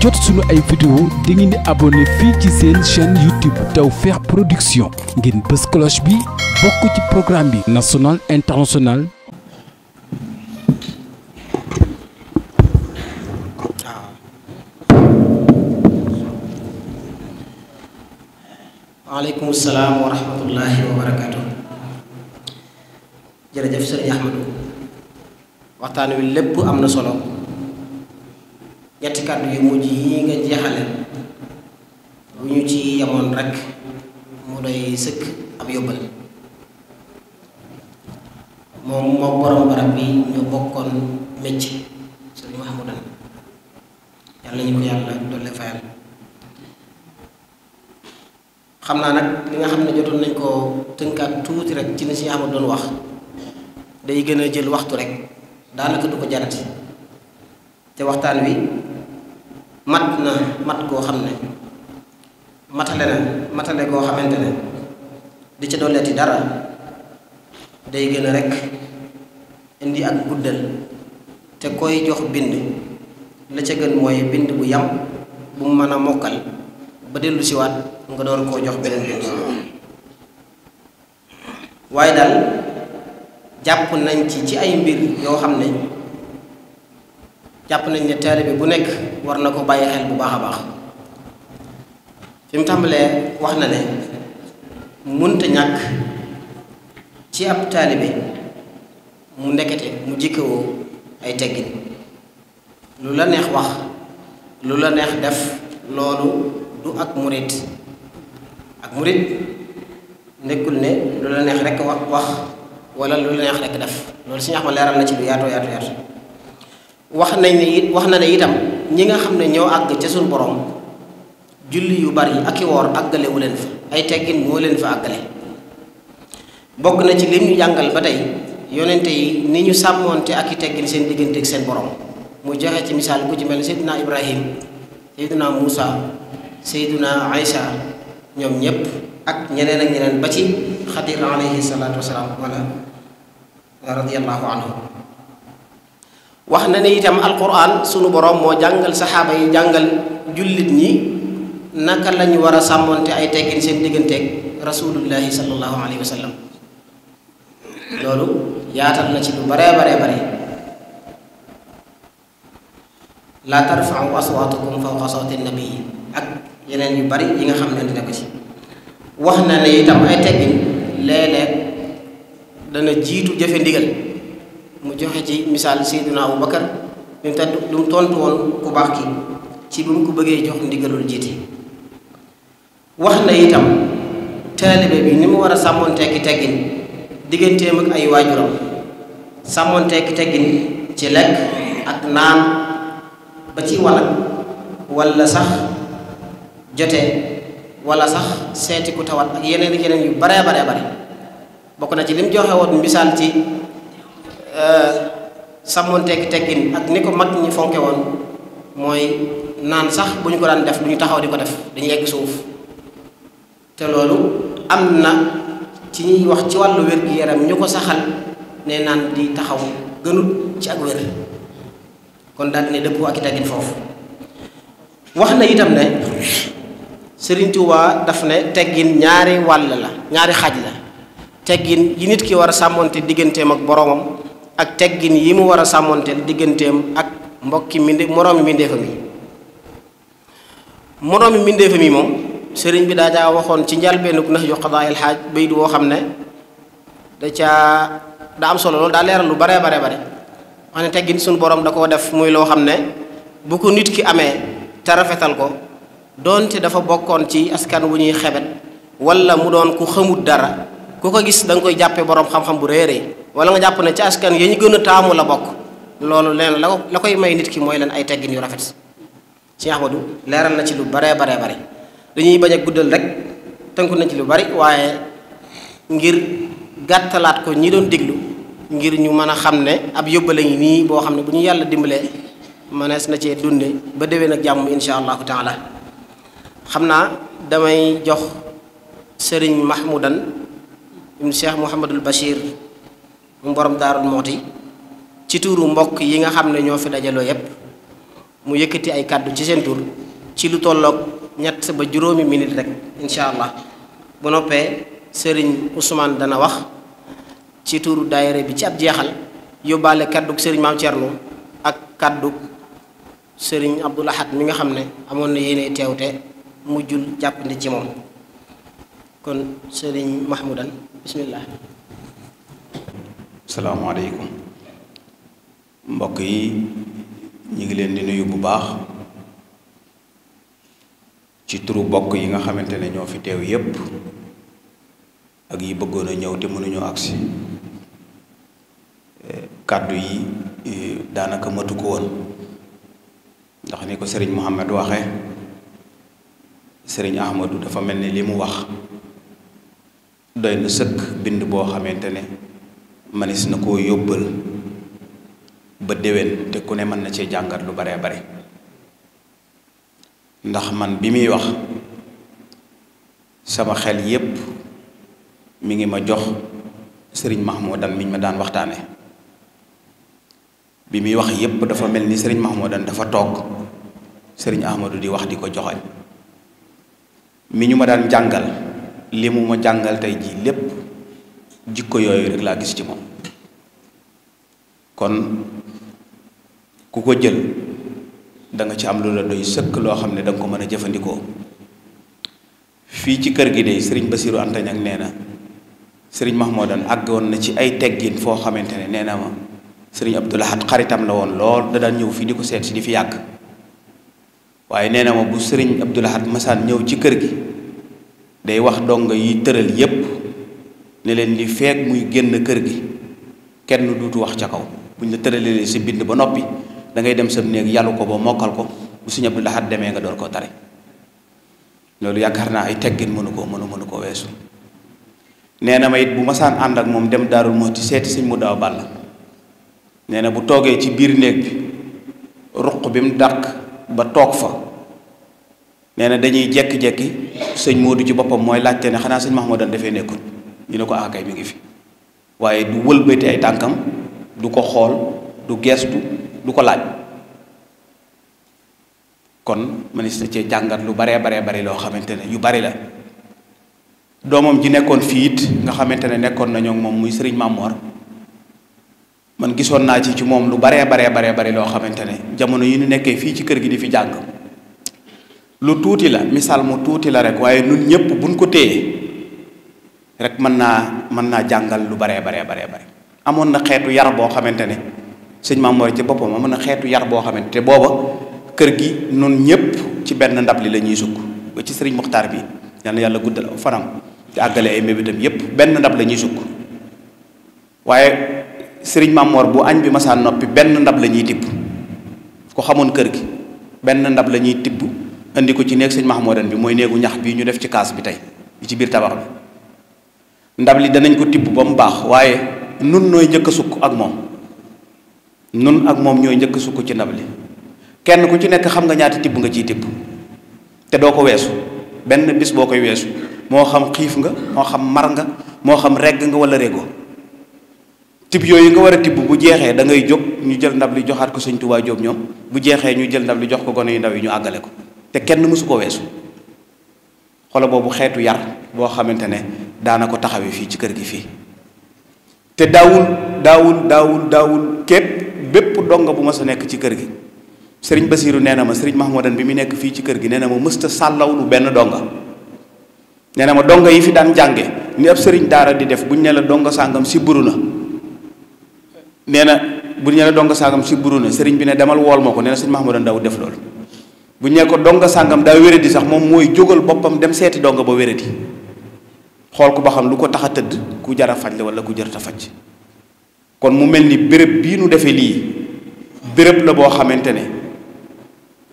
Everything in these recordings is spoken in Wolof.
jot suñu ay vidéo da ngeen di abonné fii ci seen chaîne YouTube Tawfekh Production ngeen bës cloche bi bokk ci programme bi national international waaleykum salaam wa waxtaan wi lépp am na solo ñetti kàddu yu mujj yi nga jeexale lu ñu ci yemoon rekk mu doy sëkk ab yóbbal moom moo borom barab bi ñu bokkoon mecc sëriñ Mahmoudan yàlla ñu ko yàlla doole fayal xam naa nag li nga xam ne jotoon nañ koo tënkaat tuuti rek ci li si Ahmad doon wax day gën a jël waxtu rek daanaka du ko jarati te waxtaan wi mat na mat koo xam ne matale na matale koo xamante ne di ca dolleeti dara day gën a rekk indi ak guddal te koy jox bind la ca gën mooy bind bu yam bu mu mën a mokkal ba dellu siwaat nga door koo jox beneen bind waaye daal jàpp nañ ci ci ay mbir yoo xam ne jàpp nañ ne taalibe bu nekk war na ko bàyyi xel bu baax a baax fi mu tàmbalee wax na ne munta ñàkk ci ab taalibe mu ndekete mu jikkewoo ay teggin lu la neex wax lu la neex def loolu du ak murit ak murit nekkul ne lu la neex rekk wax wax walla lu la neex rekk def loolu si nga xam leeral na ci lu yaatoo yaatu yaatu wax nañ ni it wax na ne itam ñi nga xam ne ñoo àgg ca suñu boroom julli yu bari ak i woor àggale wu leen fa ay teggin moo leen fa àggale bokk na ci lim ñu jàngal ba tey yonente yi ni ñu sàmmoonte ak i teggin seen diggante ak seen borom mu joxe ci misaal ku ci mel ne Seydina Ibrahim Seydina Moussa Seydina Aïcha ñoom ñépp ak ñeneen ak ñeneen ba ci Xadir alayhi salaatu wasalaam wala radiyallahu anhu wax na ne itam alquran sunu boroom moo jàngal saxaaba yi jàngal jullit ñi naka lañu war a sàmmonte ay teggin seen digganteeg rasulullahi sallallahu alayhi wa sallam loolu yaatal na ci lu baree baree bare la tarfau aswaatukum fawqa sawti nabii ak yeneen yu bari yi nga xam ne dina ko ci wax na ne itam ay teggin léeg dana jiitu jëfe ndigal mu joxe ci misaal Seydina Abu Bakar bi mu te lu mu tontu woon ku baax ki ci bi mu ko bëggee jox ndigalul jiite wax na itam taalibe bi ni mu war a sàmmoonteeki teggin digganteem ak ay waajuram sàmmoonteeki teggin ci lekk ak naan ba ci wanag walla sax jote walla sax seeti ku tawal ak yeneen yeneen yu bare bare bare bokk na ci lim joxe woon misaal ci Euh, sàmmoon tekki teggin ak ni ko mag ñi fonke woon mooy naan sax bu ñu ko daan def lu ñu taxaw di ko def dañuy egg suuf te loolu am na ci ñuy wax ci wàllu wér-gi-yaram ñu ko saxal ne naan di taxaw gënut ci ak wér kon daal ne dëppoo ak teggin foofu wax na itam ne Sëriñ Tuubaa daf ne teggin ñaari wàll la ñaari xaaj la teggin yi nit ki war a sàmmoonte digganteem ak boroomam ak teggin yi mu war a sàmmonteel digganteem ak mbokki minde moroomi mbindeefam yi moroomi mbindeefam yi moom sëriñ bi daa waxoon ci njalbeenuk nax yu xadaayil xaaj bayit woo xam ne da ca daa am solo loolu daa leeral lu baree bare bare wax ne teggin suñu boroom da koo def muy loo xam ne bu ko nit ki amee te rafetal ko doonte dafa bokkoon ci askan wu ñuy xebet wala mu doon ku xamut dara ku ko gis da koy jàppee boroom xam-xam bu réeree wala nga jàpp na ci askan ya ñu gën a taamu la bokk loolu leen la la koy may nit ki mooy leen ay teggin yu rafet Cheikh Ahmadou leeral na ci lu bare baree bari dañuy bañ a guddal rek tënku na ci lu bari waaye ngir gàttalaat ko ñi doon déglu ngir ñu mën a xam ne ab yóbbale ngi nii boo xam ne bu ñu yàlla dimbalee mënees na cee dunde ba dewee ak jàmm insha allahu taala xam naa damay jox sëriñ mahmoudan ibn cheikh mouhamadul bachir mu borom daarul mooti ci tuuru mbokk yi nga xam ne ñoo fi dajaloo yépp mu yëkkati ay kàddu ci seen tur ci lu tolloog ñett ba juróomi minute rek incha allah bu noppee sëriñ Ousmane dana wax ci tuuru daayira bi ci ab jeexal yóbbaale kàddug sëriñ maam Thierno ak kàddu sëriñ Abdoul Ahad mi nga xam ne amoon na yéene mu mujjul jàppandi ci moom kon sëriñ Mahmoudan bismillah salaamaaleykum mbokk yi ñu ngi leen di nuyu bu baax ci turu bokk yi nga xamante ne ñoo fi teew yépp ak yi bëggoon a ñëw te mënuñoo agsi eh, kàddu yi eh, daanaka matu ko woon ndax ni ko sëriñ Mouhamed waxe sëriñ Ahmadou dafa mel ni li mu wax doy na sëkk bind boo xamante ne manis na koo yóbbal ba déwén te ku ne mën na cee jàngat lu baree bare ndax man bi muy wax sama xel yépp mi ngi ma jox sëriñ max moo Mahmoudan miñ ma daan waxtaane bi muy wax yépp dafa mel ni sëriñ max moo dan dafa toog sëriñ Ahmadou di wax di ko joxañ mi ñu ma daan jàngal li mu ma jàngal tey jii lépp jikko yooyu rek laa gis ci moom kon ku ko jël danga ci am lu la doy sëkk loo xam ne danga ko mën a jëfandikoo fii ci kër gi de sëriñ Basiru Antañ ak nee na sëriñ Mahmoudan àggoon na ci ay teggin foo xamante ne nee na ma sëriñ Abdoulahat xaritam la woon lool da daan ñëw fii di ko seet si di fi yàgg waaye nee na ma bu sëriñ Abdoulahat masaan ñëw ci kër gi day wax dongo yi tëral yépp ne leen li feeg muy génn kër gi kenn duutu wax ca kaw buñ la tëralee si bind ba noppi dangay dem sa néeg yalu ko ba mokkal ko bu Sëñ Abdou Lahad demee nga door koo tare loolu yaakaar naa ay teggin mënu koo mënu mënu koo weesu nee na ma it bu masaan ànd ak moom dem Daarul Muxti seeti Sëñ mu daaw bàll nee na bu toogee ci biir néeg bi ruq bi mu dàq ba toog fa nee na dañuy jekki-jekki sëñ Moodu ci boppam mooy laajte ne xanaa sëñ Mahmoudan dafay nekkul ñu ne ko akay ah, mu ngi fi waaye du wëlbati ay tànkam du ko xool du geestu du ko laaj kon na cee jàngat lu baree baree bari loo xamante ne yu bari la doomam ji nekkoon fii it nga xamante ne nekkoon nañoo moom muy sëriñ Mamor man gisoon naa ci ci moom lu baree baree baree bari loo xamante ne jamono yi ñu nekkee fii ci kër gi di fi jàng lu tuuti la misaal mu tuuti la rek waaye nun ñëpp buñ ko téye rek mën naa mën naa jàngal lu baree baree baree bare amoon na xeetu yar boo xamante ne sëñ Maamoor ci boppam amoon na xeetu yar boo xamante te booba kër gi nun ñëpp ci benn ndab li la ñuy sukk ba ci sëriñ bi yal yàlla guddal fanam te àggale ay mébétam yépp benn ndab la ñuy waaye sëriñ Maamoor bu añ bi masaan noppi benn ndab la ñuy tibb ku xamoon kër gi benn ndab la ñuy tibb ko ci néeg sëñ Mahmoudan bi mooy néegu ñax bii ñu def ci kaas bi tey ci biir tabax bi ndab li danañ ko tibb ba mu baax waaye nun nooy njëkk sukk ak moom nun ak moom ñooy njëkk sukk ci ndab li kenn ku ci nekk xam nga ñaata tibb nga ciy tibb te doo ko weesu benn bis boo koy weesu moo xam xiif nga moo xam mar nga moo xam regg nga wala régo tibb yooyu nga war a tibb bu jeexee da ngay jóg ñu jël ndab li joxaat ko sëñ Tuubaa Jóob ñoom bu jeexee ñu jël ndab li jox ko gone yu ndaw yi ñu àggale ko te kenn mësu ko weesu xolo boobu xeetu yar boo xamante ne daana ko taxawee fii ci kër gi fii te daawul daawul daawul daawul képp bépp donga bu ma sa nekk ci kër gi sëriñ Basiiru nee na ma sëriñ Mahmoudan bi mu nekk fii ci kër gi nee na ma mësta lu benn donga nee na ma donga yi fi daan jànge ni ab sëriñ daara di def buñ ne la donga sàngam si buru na nee na buñ ne la donga sàngam si buru sëriñ bi ne demal wool ma ko nee na sëriñ Mahmoudan daawul def loolu buñ ne ko donga sàngam daa wéradi sax moom mooy jógal boppam dem seeti donga ba wéradi xool ko ba xam lu ko tax a tëdd ku jara a faj la wala ku jërta faj kon mu mel ni bërëb bii nu defee lii béréb la boo xamante ne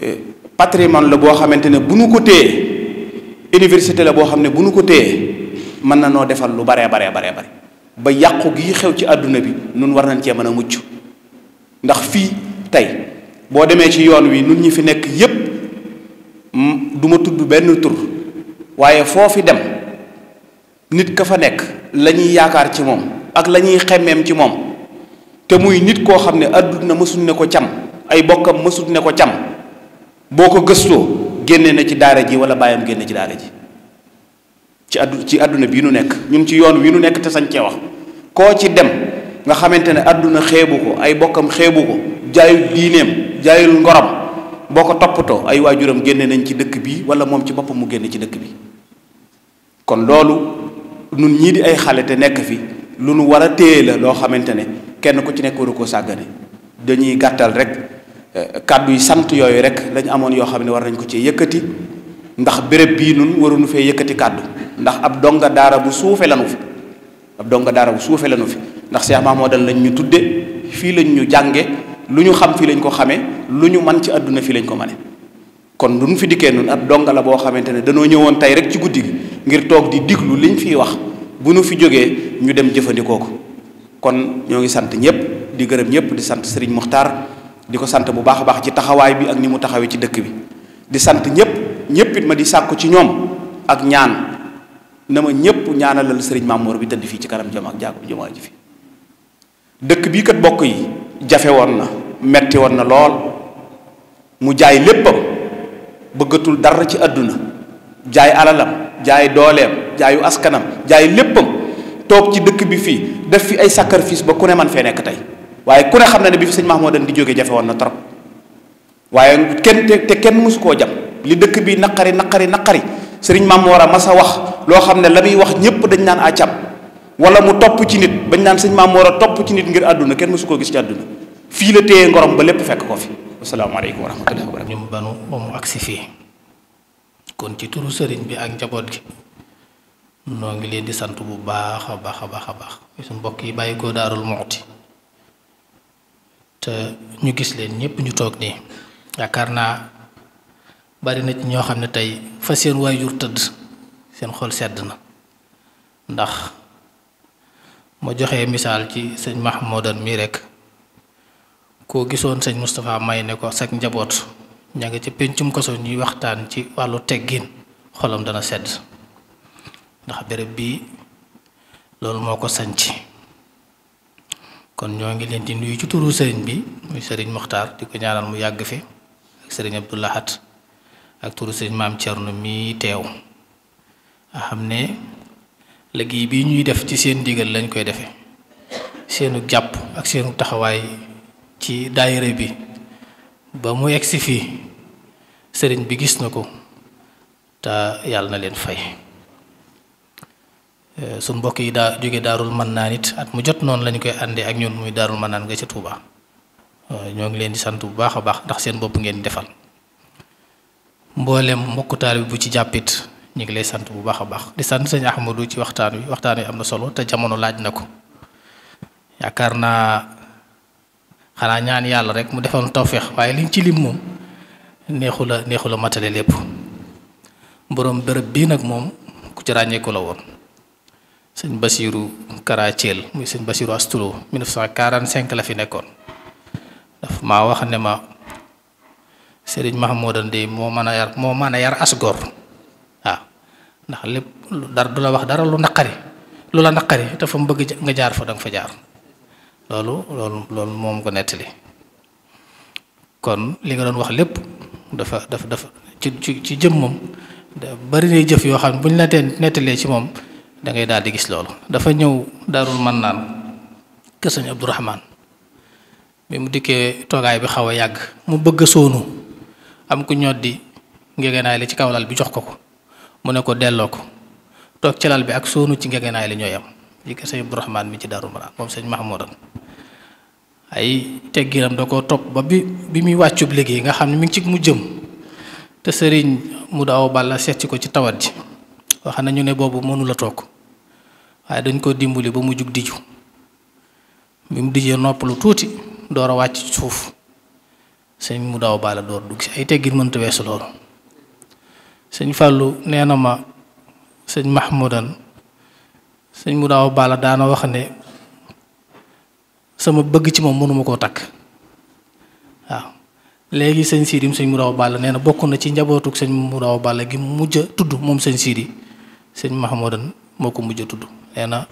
eh, patrimoine la boo xamante ne bu nu ko téye université la boo xam ne bu nu ko téye mën na noo defal lu baree baree baree bare ba yàqu gi xew ci àdduna bi nun war nañ cee mën a mucc ndax fii tey boo demee ci yoon wi nun ñi fi nekk yépp duma ma tudd benn tur waaye foo fi dem nit ka fa nekk la ñuy yaakaar ci moom ak la ñuy xemmeem ci moom te muy nit koo xam ne àdduna mësul ne ko cam ay bokkam mësul ne ko cam boo ko gëstoo génne na ci daara ji wala bàyyam génne ci daara ji ci addu ci àdduna bii nu nekk ñun ci yoon wi nu nekk te sañ cee wax koo ci dem nga xamante ne àdduna xeebu ko ay bokkam xeebu ko jaayul diineem jaayul ngorom boo ko toppatoo ay waajuram génne nañ ci dëkk bi wala moom ci boppam mu génne ci dëkk bi kon loolu nun ñii di ay xale te nekk fi lu nu war a téye la loo xamante ne kenn ku ci nekk waru koo sàggane dañuy gàttal rek eh, kàddu yi sant yooyu rek lañ amoon yoo xam ne war nañ ko ci yëkkati ndax béréb bii nun nu fee yëkkati kàddu ndax ab donga daara bu suufe lanu fi ab donga daara bu suufe lanu fi ndax Cheikh Mahmoudan lañ ñu tudde fii lañ ñu jànge lu ñu xam fii lañ ko xamee lu ñu man ci àdduna fii lañ ko mane kon lu ñu fi dikkee nun ab donga la boo xamante ne dañoo ñëwoon tey rek ci guddi gi ngir toog di diglu liñ fiy wax bu nu fi jógee ñu dem jëfandikoo ko kon ñoo ngi sant ñëpp di gërëm ñëpp di sant Serigne Mokhtar di ko sant bu baax a baax ci taxawaay bi ak ni mu taxawee ci dëkk bi di sant ñëpp ñëpp ma di sàkku ci ñoom ak ñaan na ma ñëpp ñaanalal Serigne Mamour bi tëdd fii ci kanam jom ak jaagu jumaa ji fi dëkk bii kat bokk yi jafe woon na metti woon na lool mu jaay léppam bëggatul dara ci àdduna jaay alalam jaay dooleem jaayu askanam jaay léppam toog ci dëkk bi fii def fi ay sacrifice ba ku ne man fee nekk tey waaye ku ne xam na ne bi fi sëñ Mahmoudan di jógee jafe woon na trop waaye kenn te te kenn mësu koo jam li dëkk bi naqari naqari naqari sëriñ Maam Mor a mas a wax loo xam ne la muy wax ñëpp dañ naan accam wala mu topp ci nit bañ naan sëñ Maam Mor a topp ci nit ngir àdduna kenn mësu koo gis ci àdduna fii la téye ngorom ba lépp fekk ko fi asalaamaaleykum wa rahmatullahi wa barakatuh. fii. kon ci turu sëriñ bi ak njaboot gi noo ngi leen di sant bu baax a baax a baax a baax suñ mbokk yi bàyyi koo daarul moxti te ñu gis leen ñëpp ñu toog nii yaakaar naa bari na ci ñoo xam ne tey fa seen waajur tëdd seen xol sedd na ndax ma joxe misaal ci sëñ Mahmoudan mii rek koo gisoon sëñ Moustapha may ne ko sag njaboot ña nga ca pencum kaso ñuy waxtaan ci wàllu teggin xolam dana sedd ndax béréb bii loolu moo ko sanc kon ñoo ngi leen di nuyu ci turu sëriñ bi muy sëriñ Moxtaar di ko ñaanal mu yàgg fi ak sëriñ Abdou Lahad ak turu sëriñ maam Thierno mi teew nga xam ne liggéey bi ñuy def ci seen ndigal lañ koy defe seenu jàpp ak seenu taxawaay ci daayira bi ba mu egsi fii sëriñ bi gis na ko te yàlla na leen fay eh, suñ mbokk yi daa jóge daarul man naan it at mu jot noonu lañu koy àndee ak ñun muy daarul man naan nga ca Touba eh, ñoo ngi leen di sant bu baax a baax ndax seen bopp ngeen defal mboolem mbokk taalibe bu ci jàppit ñu ngi lay sant bu baax a baax di sant sëñ du ci waxtaan wi waxtaan wi am na solo te jamono laaj na ko yaakaar naa xanaa ñaan yàlla rek mu defoon tawféex waaye liñ ci lim moom neexu la neexu matale lépp borom bërëb bii nag moom ku ci ràññeeku la woon sëñ Basiiru Kara Thiel muy sëñ Basiiru Astulo 1945 la fi nekkoon daf maa wax ne ma Sëriñ ma de moo mën a yar moo mën a yar asgor waaw ndax lépp dara du la wax dara lu naqari lu la naqari te fa mu bëgg nga jaar fa danga fa jaar loolu loolu loolu moom ko nettali kon li nga doon wax lépp dafa daf dafa ci ci ci jëm bari na jëf yoo xam ne bu ñu la teen nettalee ci moom da ngay daal di gis loolu dafa ñëw daarul man naan kësañ Abdourahman bi mu dikkee toogaay bi xaw a yàgg mu bëgg a soonu am ku ñod di ngegenaay li ci kaw lal bi jox ko ko mu ne ko delloo ko toog ci lal bi ak soonu ci ngegenaay li ñooy am yi ko sëñ Abdourahmaan mi ci Daaru Maraan moom sëñ Mahmoudan ay tegginam da ko topp ba bi bi muy wàccub liggéey nga xam ne mi ngi ci mu jëm te sëriñ mu daaw balla seet ko ci tawat ji wax nañu ne boobu mënula toog waaye dañ koo dimbali ba mu jug diju bi mu dijee noppalu tuuti door a wàcc suuf sëñ mu daaw balla door dugg si ay teggin mënta weesu loolu sëñ Fallou nee na ma sëñ Mahmoudan sëñ mu daaw bala daana wax ne sama bëgg ci moom mënuma koo takk waaw léegi sëñ siidim sëñ mu daaw bala nee na bokk na ci njabootuk sëñ mu daaw bala gi mujj tudd moom sëñ siidi sëñ mahamadan moo ko mujj a tudd nee na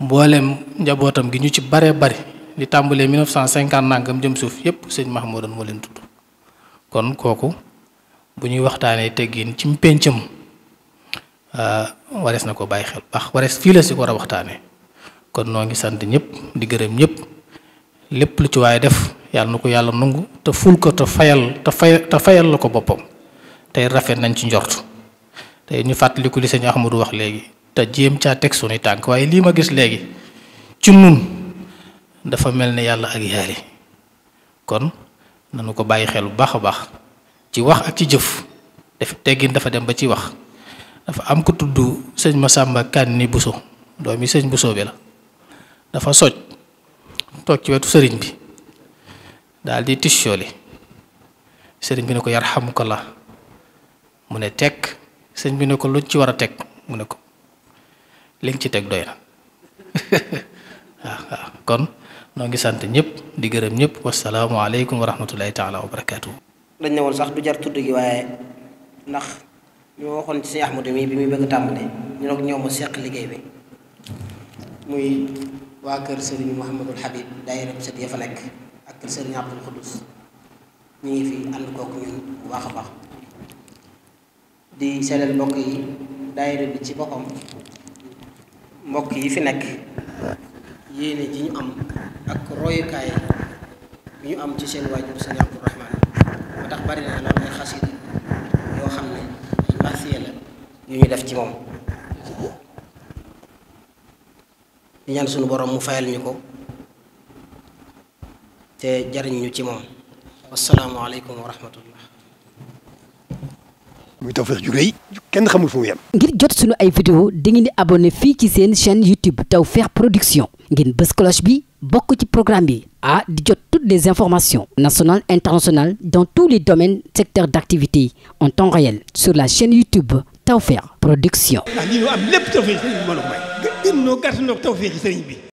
mbooleem njabootam gi ñu ci bare bari di tàmbalee 1950 nangam jëm suuf yépp sëñ mahamadan moo leen tudd kon kooku bu ñuy waxtaanee teggin ci mpéncam Euh, warees na ko bàyyi xel baax warees fii la si ko war a waxtaanee kon noo ngi sant ñëpp di gërëm ñëpp lépp lu ci waaye def yàlla na ko yàlla nangu te ful ko te fayal te fayal la ko boppam tey rafet nañ ci njort tey ñu fàttaliku li sëñ Ahmadou wax léegi te jéem caa teg suñuy tànk waaye lii ma gis léegi ci nun dafa mel ne yàlla ak yaali kon nañu ko bàyyi xel bu baax a baax ci wax ak ci jëf def teggin dafa dem ba ci wax dafa am ko tudd sëñ ma Masamba Kanni doom doomi sëñ Bousso bi la dafa soj toog ci wetu sëriñ bi daal di tissooli sëriñ bi ne ko yar ko la mu ne teg sëñ bi ne ko luñ ci war a teg mu ne ko li ci teg doy na waaw waaw kon noo ngi sant ñëpp di gërëm ñëpp wasalaamualeykum wa rahmatullahi taala wa barakaatu. dañ ne woon sax du jar tudd gi waaye ndax. ñu waxoon ci Sëñ Ahmadu mi bi muy bëgg tàmbali ñu nag ñoom mu seq liggéey bi muy waa kër sëriñ Mouhamadul Habib daayira bu set ya fa nekk ak kër sëriñ Abdul Xudus ñu ngi fi ànd kooku ñun bu baax a baax di seddal mbokk yi daayira bi ci boppam mbokk yi fi nekk yéene ji ñu am ak royukaay bi ñu am ci seen waajur sëriñ Abdul Rahmaan ba tax bari loolu ay xasit yu ñu def ci moom di ñaan sunu borom mu fayal ñu ko te jariñ ci moom assalaamu aleykum wa rahmatullah muy kenn xamul fu mu yem ngir jot sunu ay vidéo dangeen di abonné fii ci seen chaîne YouTube Tawfekh Production ngir bës bi bokk ci programme bi ah di jot toutes les informations nationales internationales dans tous les domaines secteurs d'activité en temps réel sur la chaîne YouTube Tawfekh Production. am lépp tawfeer ci sëriñ bi mën a may. gën noo gàtt noo tawfeer ci sëriñ bi.